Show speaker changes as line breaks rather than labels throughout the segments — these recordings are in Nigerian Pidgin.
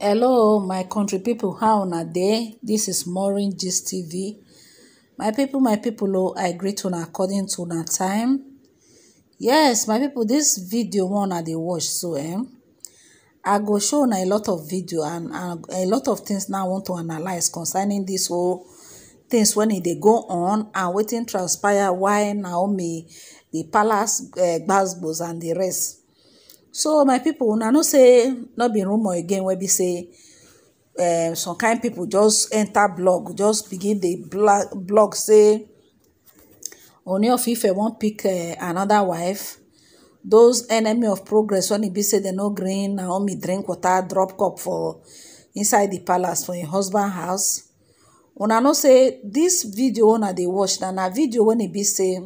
hello my country people. how una dey This is morin gist tv my people, my people. Oh, i greet una according to una time yes my people. This video one i dey watch so eh i go show una a lot of video and a lot of things now i want to analyze concerning this whole things when e dey go on and waiting transpire why naomi the palace eh, gbasgbos and the rest so my people, una know say not be rumor again wey be say eh, some kind people just enter blog just begin dey blog say oni of ife wan pick eh, another wife those enemy of progress when e be say dem no gree naomi drink water drop cup for inside the palace for im husband house una know say this video una dey watch na na video when e be say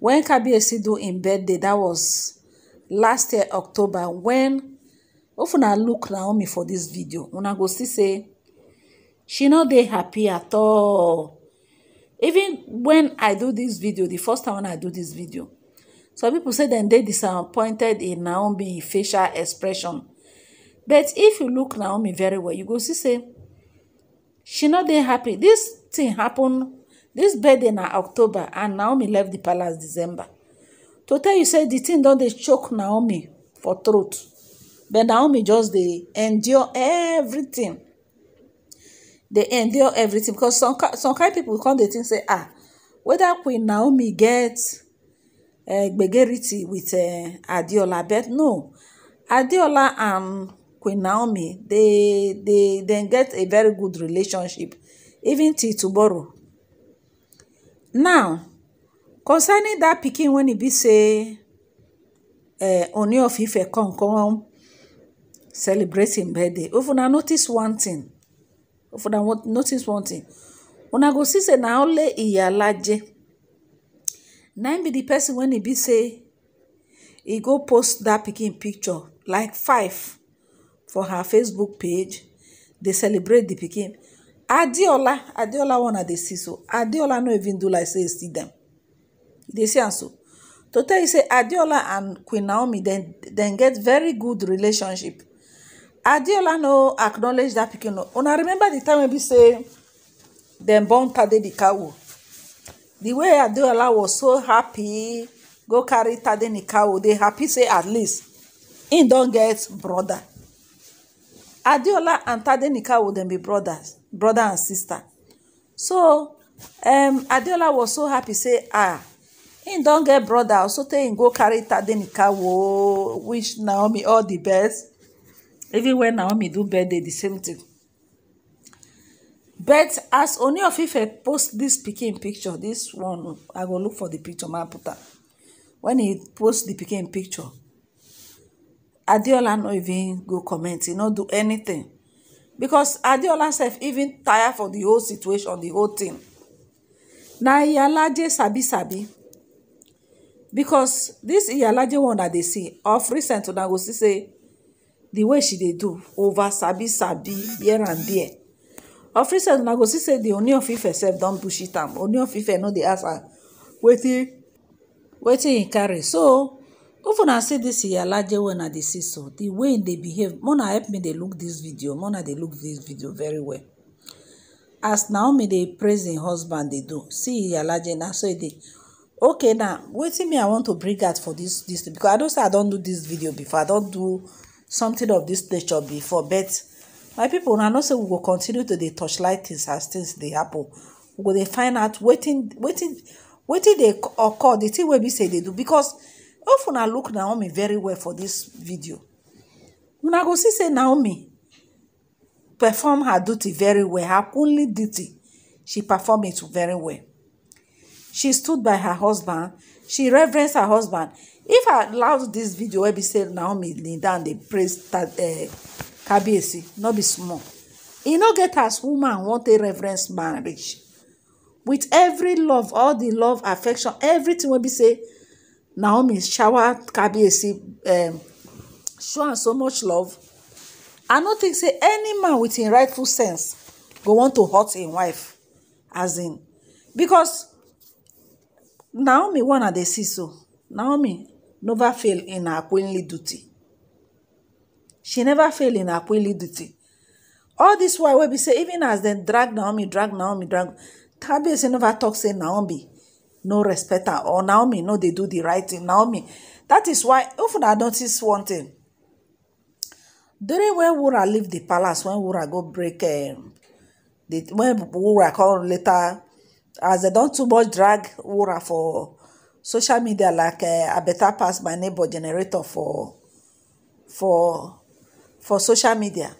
wen kabiyesi do im birthday that was last year october when, if una look naomi for this video una go see say she no dey happy at all even when i do this video the first time i do this video some people say dem dey disappointed in naomi facial expression but if you look naomi very well you go see say she not dey happy This thing happen this birthday in october and naomi left the palace december to tell you say the thing don dey choke naomi for throat but naomi just dey endure everything dey endure everything because some some kind people come dey think say ah whether queen naomi get eh, gbegerity with eh, adiola but no adiola and queen naomi dey dem get a very good relationship even till tomorrow now concerning that pikin wen e be say eh, oni of ife come come celebrate him birthday if una notice one thing if una notice one thing una go see say na only iyalaje na im be the person wen e be say e go post that pikin picture like five for her facebook page dey celebrate di pikin adeola adeola one i dey see so adeola no even do like say e see dem e dey see am so to tell you say adeola and queen naomi dem get very good relationship adeola no acknowledge dat pikin una remember the time wey be say dem born tade kawo di way adeola was so happy go carry tade kawo dey happy say at least im don get brother. adeola and tade kawo dem be brothers brother and sister so um adeola was so happy say ah him don get brother sotey him go carry tadenika wo wish naomi all the best even when naomi do birthday the same thing but as oni of ife post this pikin picture this one i go look for the picture man put am wen he post the pikin picture adiola no even go comment He no do anything because adiola sef even tire for the whole situation the whole thing na iyalaje sabi sabi because dis iyalaje one that they see of recent una go see say the way she dey do over sabi sabi here and there of recent una go see say di oni of ife sef don bullshit am oni of ife no dey ask her wetin wetin e carry so if una see dis iyalaje wey una dey see so the way im dey behave mona help me dey look this video mona dey look this video very well as naomi dey praise im husband dey do see iyalaje na so e dey okay now waiting me i want to bring out for this this because i don't say i don't do this video before i don't do something of this nature before but my people, na know say we will continue to the torchlight things as things dey happen we will dey find out waiting waiting waiting they occur The thing will be say they do because often I look naomi very well for this video una go see say naomi perform her duty very well her only duty she perform it very well she stood by her husband she reverenced her husband if i allowed this video where be say naomi lean down dey praise eh, kabiyesi not be small You know, get as woman want a reverence marriage with every love all the love affection everything will be say naomi shower kabiyesi um, show am so much love i not think say any man with in rightful sense go want to hurt a wife as in because Naomi one I dey see so, Naomi never fail in her queenly duty. She never fail in her queenly duty. All this while wey be say even as dem drag Naomi, drag Naomi, drag say never talk say Naomi no respect her or Naomi no dey do the right thing. Naomi, that is why if una notice one thing, during when Wura leave the palace, when Wura go break, um, the, when Wura come later as don't too much drag wura for social media like uh, i better pass my neighbor generator for for for social media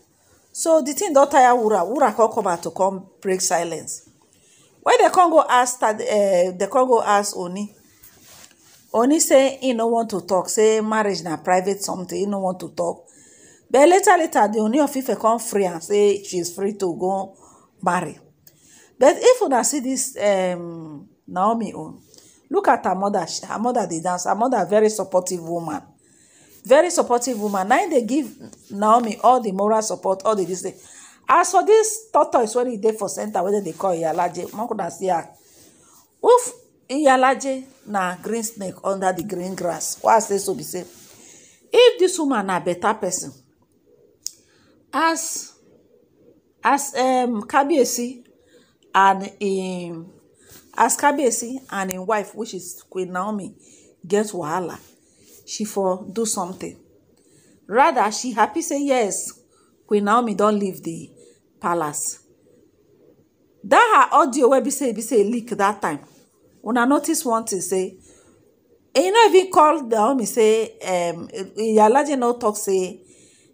so thing don't tire wura wura come come to come break silence When dem come go ask uh, go ask oni oni say he no want to talk. say marriage na private something he no want to talk. but later later the oni of he come free and say she's free to go marry but if una see this um, naomi own look at her mother her mother dey dance her mother very supportive woman very supportive woman Now they give naomi all the moral support all the this. thing as for this tortoise wey e dey for centre wey dem dey call iyalaje make una see her if iyalaje na green snake under the green grass why i say so be say if this woman a better person as as um kabiyesi and im as kabiyesi and im wife which is queen naomi get wahala she for do something rather she happy say yes queen naomi don leave the palace That her audio wey be say be say leak that time una notice one thing say e no even call naomi say um, iyalaje no talk say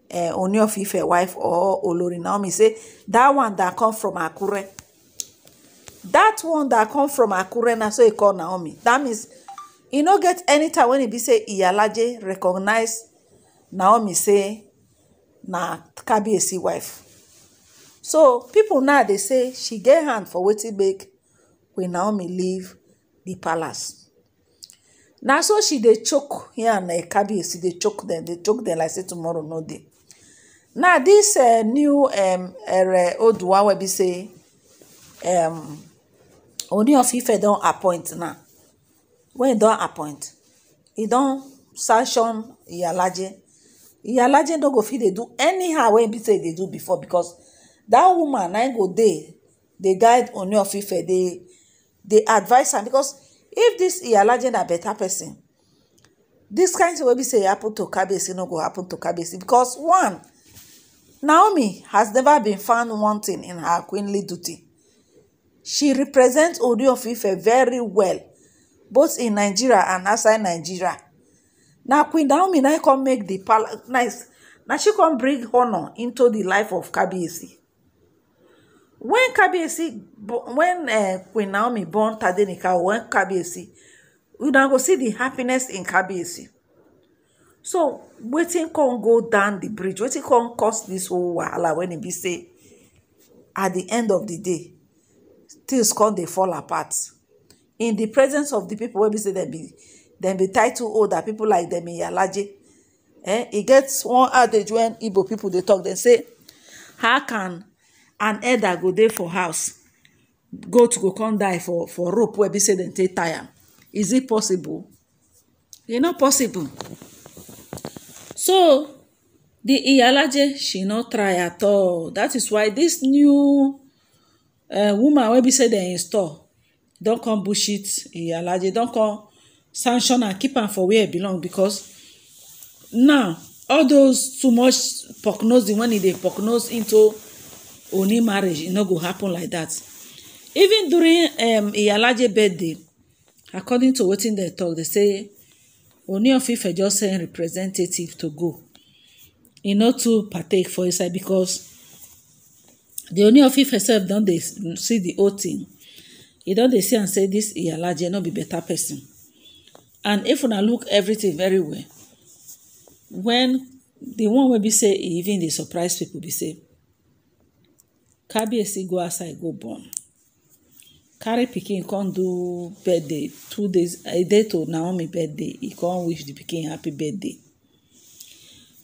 eh, oni of ife wife or olori naomi say that one dat come from akure That one that come from akure na so he call naomi That means e no get any time when e be say iyalaje recognize naomi say na kabiyesi wife so people now dey say she get hand for wetin make queen naomi leave the palace na so she dey choke here and uh, kabiyesi dey choke them, dey choke them. like say tomorrow no dey now dis eh, new um, er oduwa wey be say um, Ooni of Ife don appoint now when he don appoint he don't sanction Iyalaje Iyalaje no go fit they do anyhow when e be say they e do before because that woman na e go there, they guide Ooni of they dey advise am because if this Iyalaje a better person this kind of wey be say happen to Kabiyesi no go happen to Kabiyesi because one Naomi has never been found wanting in her queenly duty she represents Ooni of very well both in Nigeria and outside Nigeria Now, Queen Naomi na come make the palace nice Now she come bring honor into the life of KBC. when KBC, when uh, Queen Naomi born Tadenikawo when KBC, we now go see the happiness in KBC. so wetin can go down the bridge wetin can cause this whole wahala when e be say at the end of the day things come they fall apart in the presence of di pipo wey be say dem be dem be title holder people like dem iyalaje eh It e gets one adage when igbo people. They talk, they say how can an elder go there for house go to go come die for for rope wey be say dem take tie is it possible e not possible so the iyalaje she not try at all that is why this new woman wey be say dem install don come bullshit e alhaji don come sanction am keep am for where e belong because now all those too much prognosing when e dey prognose into oni marriage e no go happen like that. even during um, e alhaji birthday according to wetin dem talk dey say oni of ife just send representative to go e no too partake for inside because the only of ife sef don dey see the whole thing e don dey see am say dis iyalaje no be better person and if una look everything very well when the one wey be say e even dey surprise people be say kabiyesi go outside go born carry pikin come do birthday two days a day to naomi birthday e come wish the pikin happy birthday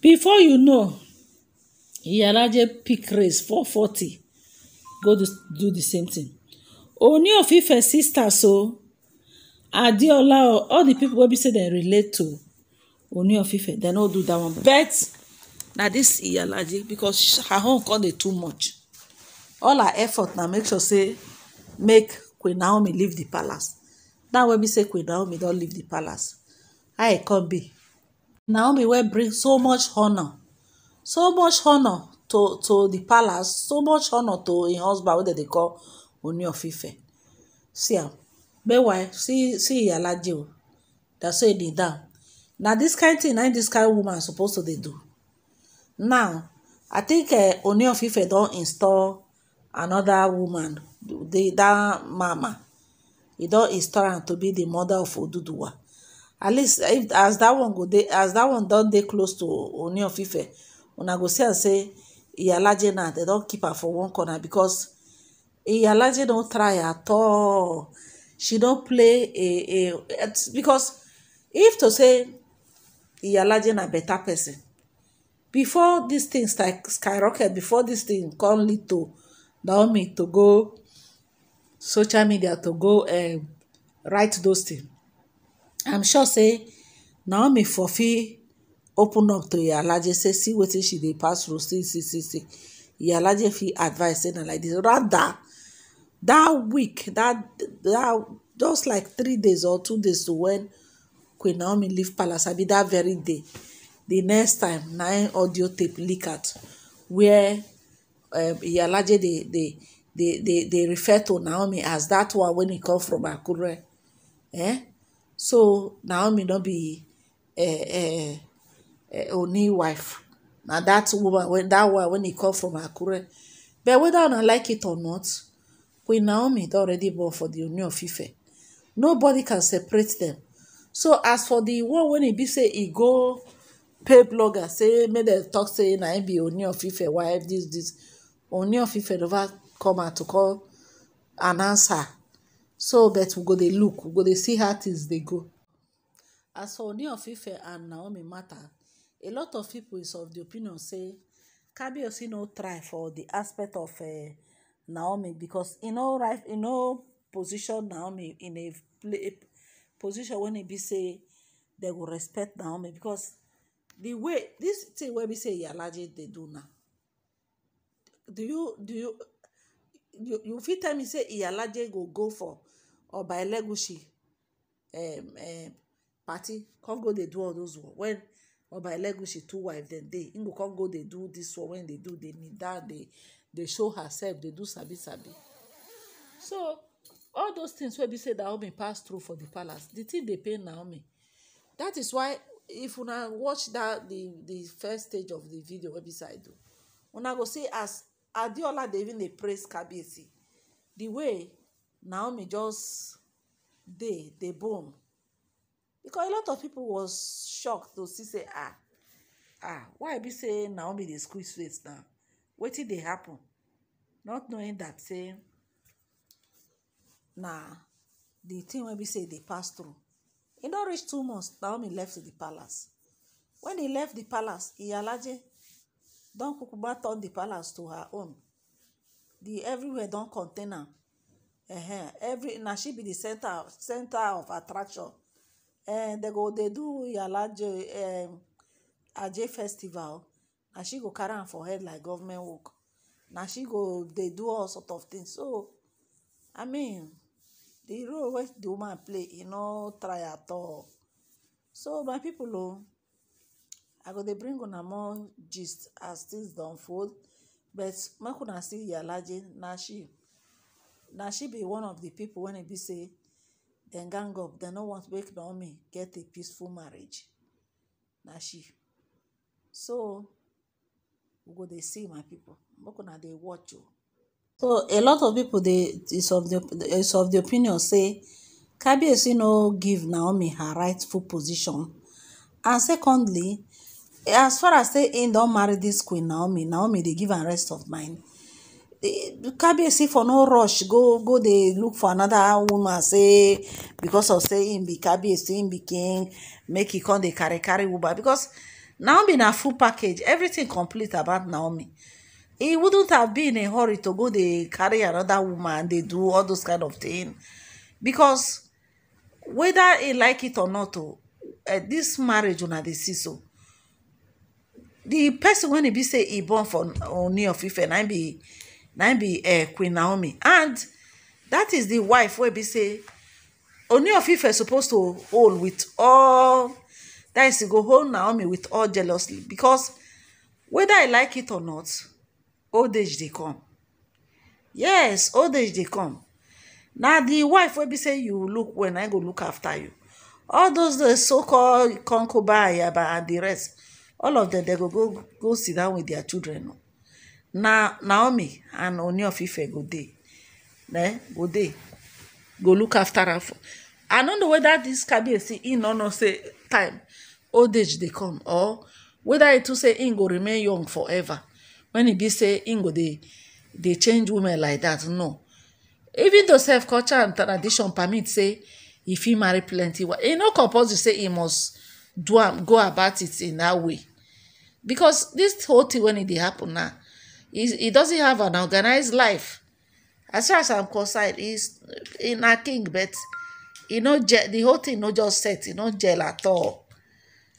before you know Iyalaje pick race four forty go do, do the same thing. Ooni of Ife sisters o Adeola o all the people wey be say dem relate to Ooni of Ife dem no do that one but na this Iyalaje because her own come dey too much all her effort na make sure say make Queen Naomi leave the palace that wey be say Queen Naomi don leave the palace how e come be Naomi wey bring so much honour so much honor to to the palace so much honor to im husband wey dem dey call oni see am meanwhile see see iyalaje o that's why he dey down na this kind thing na this kind woman suppose to dey do now i think eh, oni of don install another woman The that mama he don install am to be the mother of oduduwa at least if as that one go dey as that one don dey close to oni una go see am say iyalaje na dem don keep her for one corner becos iyalaje no try at all she don play a a because if to say iyalaje na better person before dis thing skyrocket before dis thing come lead to naomi to go social media to go um, write those things i'm sure say naomi for fit open up to iyalaje say see wetin she dey pass through see see see see iyalaje fit advice say na like this rather that week that that just like three days or two days to when queen naomi leave palace abi that very day the next time na im audio tape leak out where um, iyalaje dey dey dey dey dey refer to naomi as that one wey e come from akure eh so naomi no be. Uh, uh, Eh, only wife now that woman that one when he come from akure but whether I like it or not queen naomi don already born for the union of ife nobody can separate them. so as for the one when he be say he go pay blogger say make dem talk say na be union of ife wife this this, union of ife never come out to call an answer. so but we go they look we go they see how things they go as for union of ife and naomi matter a lot of people is of the opinion say kabiyesi no try for the aspect of uh, naomi because e no right e no position naomi in a, a position when e be say dem go respect naomi because the way this thing wey be say iyalaje dey do now do you do you you, you fit tell me say iyalaje go go for oba elegushi um, um, party come go dey do all those work when oba elegushi two wife dem dey im go come go dey do dis one wey dey do dey kneel down dey dey show herself dey do sabi sabi so all those things wey be say naomi pass through for the palace the thing dey pain naomi that is why if una watch that the the first stage of the video wey be say i do una go see as adeola dey even dey praise kabiyesi the way naomi just dey dey bone because a lot of people was shocked to see say ah ah why be say naomi dey squeeze face now wetin dey happen not knowing that say na the thing wey be say e dey pass through e don reach two months naomi left the palace when e left the palace iyalaje don kukuma turn the palace to her own the everywhere don contain am uh -huh. every na she be the center center of attraction And eh, they go they do yalaje eh, aje festival na she go carry am for head like government work na she go dey do all sort of things so i mean the role wey the woman play e no try at all so my people o i go dey bring una more gist as things don fold but make una see yalaje na she na she be one of the people wey e be say dem gang up dem no want make naomi get a peaceful marriage na she so we go dey see my people make una dey watch o. so a lot of people dey is of the is of the opinion say kabiyesi no give naomi her rightful position and secondly as far as say im don marry dis queen naomi naomi dey give am rest of mind say for no rush go go They look for another woman say because of saying, be Kabi saying, be king make he come They carry carry woman because naomi na full package everything complete about naomi He wouldn't have been in a hurry to go They carry another woman They do all those kind of thing because whether he like it or not uh, this marriage una dey see so the person when he be say he born for Ooni of and I be na be eh, queen naomi and that is the wife where be say only of ife supposed to hold with all that is to go hold naomi with all jealously because whether i like it or not old age they come yes old age they come Now the wife wey be say you look when I go look after you all those the so called concubine and the rest all of them they go go sit down with their children na naomi and oni of ife go day. eh go day. go look after am i don't know whether dis kabiyesi in no know say time old age they come or whether it too say ingo go remain young forever When it be say ingo go they change women like that. no even though self culture and tradition permit say if he marry plenty wife e no compulsory say he must do go about it in that way because this whole thing when it happen now he, he doesn't have an organized life as far as i'm concerned he's in a king but you know, the whole thing no just set e no gel at all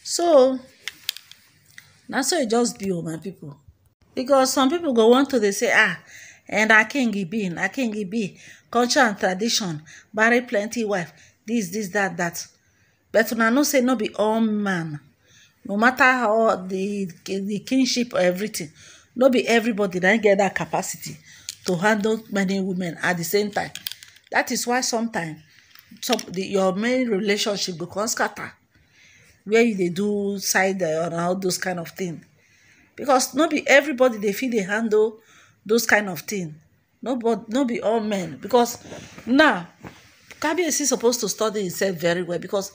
so na so e just be o oh, my people, because some people go want to dey say ah and a king he be a king he be culture and tradition marry plenty wife this this that that but una know say no be all man no matter how the the kingship or everything no be everybody na get that capacity to handle many women at the same time that is why sometimes some the your main relationship go come scatter where you dey do side or uh, all those kind of thing because no be everybody dey fit dey handle those kind of thing no but no be all men because now kabiyesi suppose to study himself very well because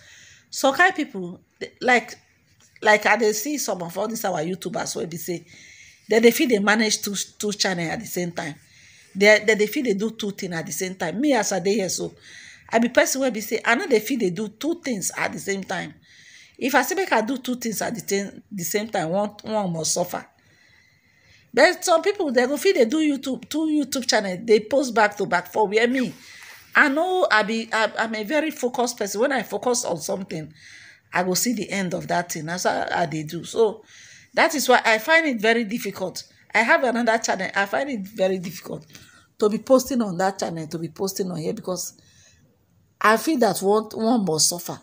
some kind people like like i dey see some of all these our youtubers wey be say dem dey fit dey manage two two channel at the same time dem they feel they do two things at the same time me as a day here so i be person where be say i know they feel they do two things at the same time if i say make i do two things at the same time one one must suffer but some people they go feel they do youtube two youtube channel they post back to back for where me i know i be I i'm a very focused person when i focus on something i go see the end of that thing that's how i dey do so That is why I find it very difficult. I have another channel. I find it very difficult to be posting on that channel, to be posting on here because I feel that one, one must suffer.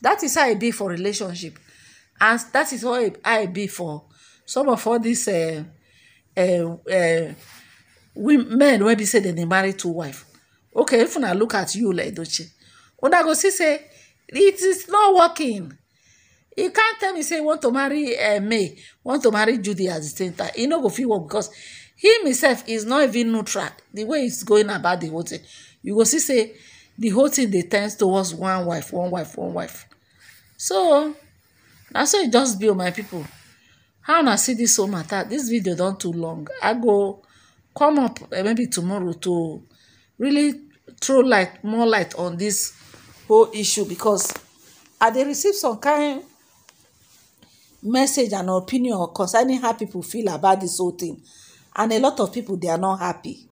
That is how it be for relationship. And that is how it be for some of all these uh, uh, uh, women, men when be say they marry two wife okay if I look at you like don't you? When I go see say it is not working He can't tell me say he want to marry eh, may want to marry judy at the same time e no go fit work because him himself is not even neutral the way he's going about the whole thing you go see say the whole thing dey tends towards one wife one wife one wife so na so e just be o oh, my people how una see this whole matter This video don too long i go come up eh, maybe tomorrow to really throw light more light on this whole issue because i dey receive some kind message and opinion concerning how people feel about this whole thing and a lot of people they are not happy